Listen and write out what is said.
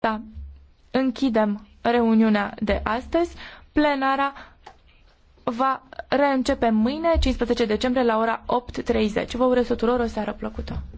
Da. Închidem reuniunea de astăzi. Plenara va reîncepe mâine, 15 decembrie, la ora 8.30. Vă urez tuturor o seară plăcută!